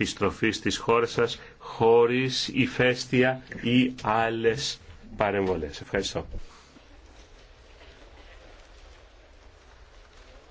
επιστροφή στις χώρες σας χωρίς ηφαίστεια ή άλλες παρεμβολές. Ευχαριστώ.